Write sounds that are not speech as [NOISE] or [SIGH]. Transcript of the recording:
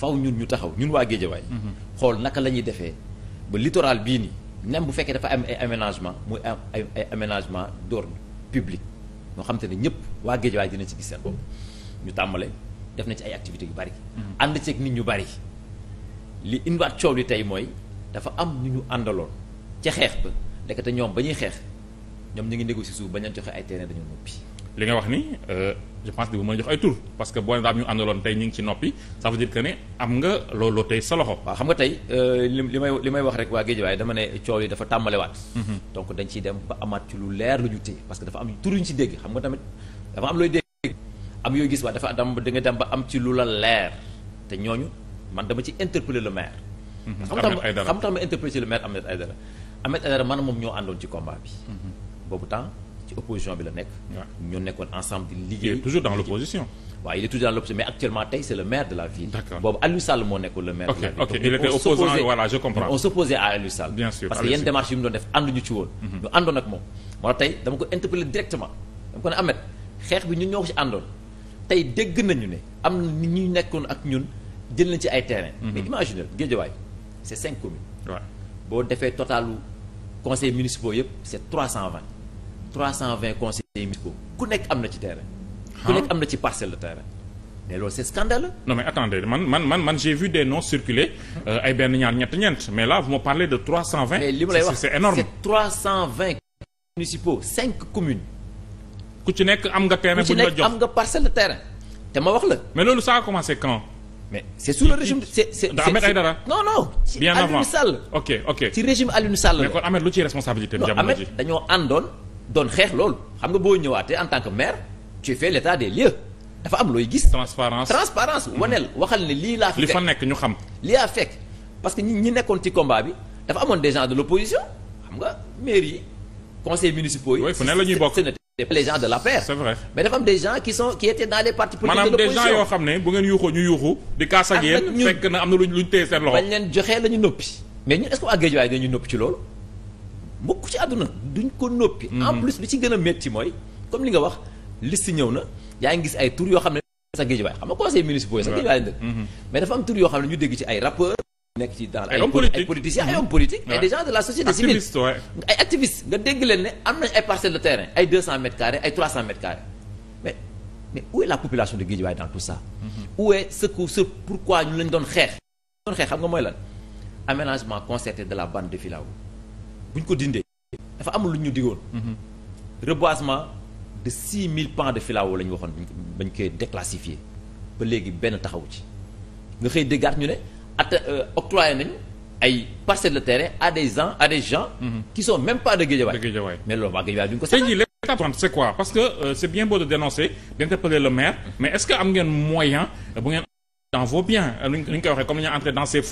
faw ñun ñu taxaw ñun waa Géejawaay. xool naka la ñuy defee ba littoral bii nii même bu fekkee dafa am ay aménagement muy am ay ay aménagement d'ordre public ñoo xam te ne ñëpp waa Géejawaay dinañ ci gis seen bopp ñu tàmbale def na ci ay activité yu bari. Mm-hmm. ànd ceeg nit ñu bari li indiwaat coow li tey mooy dafa am ñu ñu àndaloon ca xeex ba ndekete ñoom ba ñuy xeex ñoom ñu ngi négocier suuf ba ñu joxe ay terrain dañoo noppi. li nga wax ni euh, je pense que bu mën a jox ay tur parce que boo ne daam ñu àndaloon tey ñu ngi ci noppi ça veut dire que ne am nga looloo tey sa loxo. waaw xam nga tey euh, li li may may wax rek waa waaye dama ne coow yi dafa tàmbalewaat. Mhm. donc dañ ciy dem ba amaat ci lu leer lu ñu téye parce que dafa am tur yu ñu ci dégg xam nga tamit dafa am looy dégg. am yooyu gis waa dafa dem da nga dem ba am ci lu la leer te ñooñu man dama ci interpeller le maire. Mhm. Ahmed xam tax ma interpeller le maire Ahmed Aïdara Ahmed man moom ñoo àndoon ci combat bi. Mhm. boobu temps. ci opposition bi la nekk. ñoo nekkoon ensemble di liggéey. toujours dans l'opposition waaw il est toujours dans l'opposition mais actuellement tey c'est le maire de la ville. boobu Aliou moo nekkoon le maire. de la ville ok ok il était opposant voilà je comprends. on s'opposait à Aliou parce que yenn démarches yu mu doon def ànduñu ci woon. Mhm. ñu àndoon ak moom. moo tax dama ko interpeller dama ko ne Ahmed xeex bi ñun ñoo ci àndoon tey dégg nañu ne am na ñi nekkoon ak 320 cent municipaux ku nekk am na ci ku ah. nekk am na ci parcelle de terrain. mais loolu c'est scandaleux. non mais attendez man man man man j'ai vu des noms circuler euh, ay benn ñaar ñett ñeent mais là vous me parlez de 320. mais li ma lay wax c'est énorme c'est 320 municipaux 5 communes. ku ci nekk am nga terrain bu ku ci nekk am nga parcelle de terrain. te ma wax la. mais loolu ça a commencé quand. mais c'est sous le régime c'est c'est da Ahmed Aïdara non non bien avant Aliou Sall ok ci régime Aliou Sall la mais kon Ahmed lu doon xeex loolu xam nga boo ñëwaatee en tant que maire tu fais l'état transparence transparence mm. waneel waxal ne lii laa. fekk fa nekk ñu xam. lii laa fekk parce que ñi nekkoon ci combat bi dafa amoon des gens de l'opposition xam nga maire yi conseils municipaux yi. oui fu ne la bokk les gens de la paix. c'est des gens yoo xam ne bu ngeen yuuxoo ñu yuuxu. di kaas ak fekk na am na luñ luñ téye seen loxo. bañ leen joxee la noppi mais ñun est-ce que waa mukk ci àdduna duñ ko noppi. Mhm. en plus bi ci gën a métti mooy comme li nga wax liste ñëw na yaa ngi gis ay tur yoo xam ne [LAUGHS] sax Guédiawaye xam nga conseil municipal yi sax Guédiawaye lañ dëkk mais dafa am tur yoo xam ne ñu dégg ci ay rappeurs nekk ci mhm. de la société civile ay activistes nga dégg la population mhm. doon xeex doon xam nga mooy lan aménagement concerté de la bande de Filao bu ñu ko dindee dafa amul lu ñu digoon. Mhm. reboisement de 6000 pans de filao la ñu waxoon ba ñu koy déclassifié ba léegi benn taxawu ci nga xëy déggaat ñu ne at euh, octroyé nañu ay parcelles de terrain à des gens à des gens. Mhm. qui sont même pas de Guédiawaye. de Guédiawaye mais du ñu ko. tey jii l'état c'est quoi parce que euh, c'est bien beau de dénoncer d'interpeller le maire mhm. mais est que am ngeen moyen bu ngeen dans vos lu euh, ñu koy waxee comme ni entrer dans